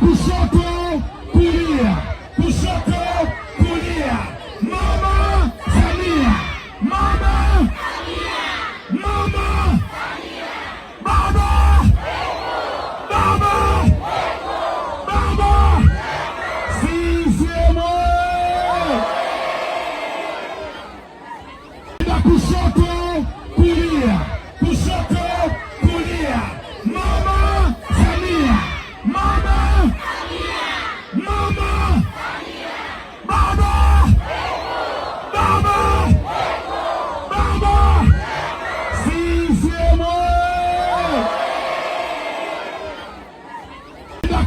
Puxa. a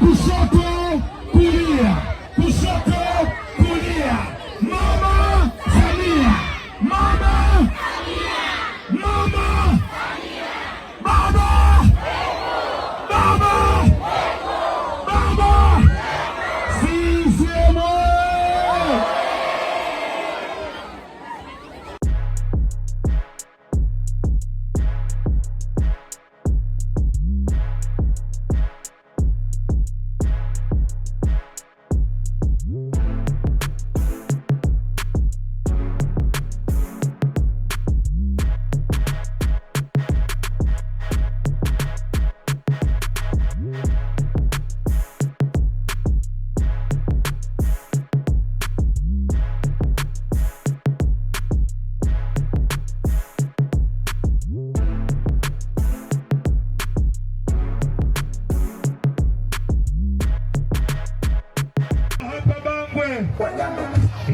o soco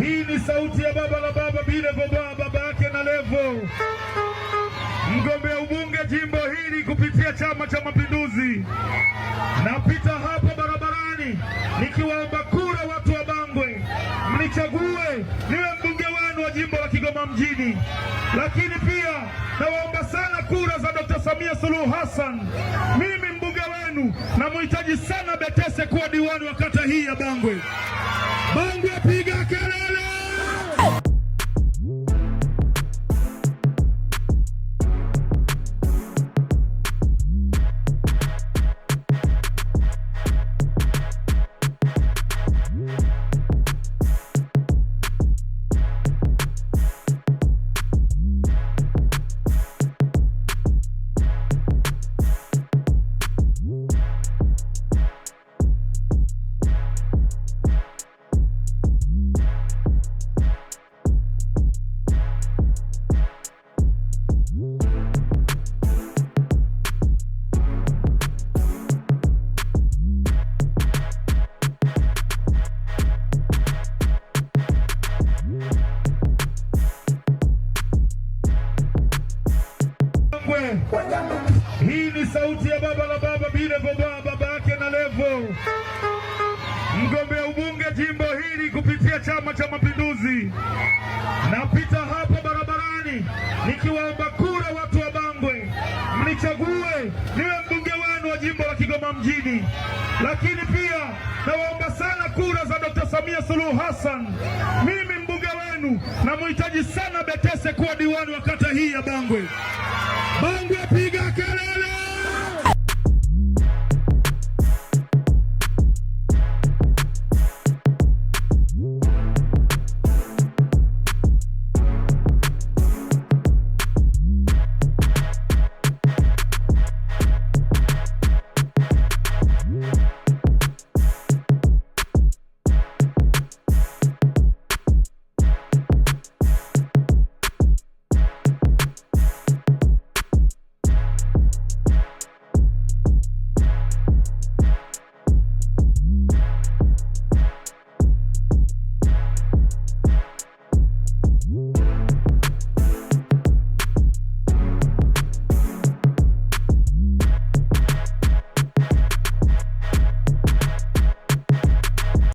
Hii ni sauti ya baba la baba bila baba baba yake na Levo, mgombea ubunge jimbo hili kupitia Chama cha Mapinduzi. Napita hapa barabarani nikiwaomba kura watu wa Bangwe, mnichague niwe mbunge wenu wa jimbo la Kigoma mjini, lakini pia nawaomba sana kura za Dr. Samia Suluhu Hassan. Mimi mbunge wenu, namhitaji sana Betese kuwa diwani wa kata hii ya Bangwe. Hii ni sauti ya baba la baba bila baba baba yake na Levo, mgombea ubunge jimbo hili kupitia Chama cha Mapinduzi. Napita hapa barabarani nikiwaomba kura watu wa Bangwe, mnichague niwe mbunge wenu wa jimbo la Kigoma mjini, lakini pia nawaomba sana kura za Dr. Samia Suluhu Hassan. Mimi mbunge wenu, namhitaji sana Betese kuwa diwani wa kata hii ya Bangwe.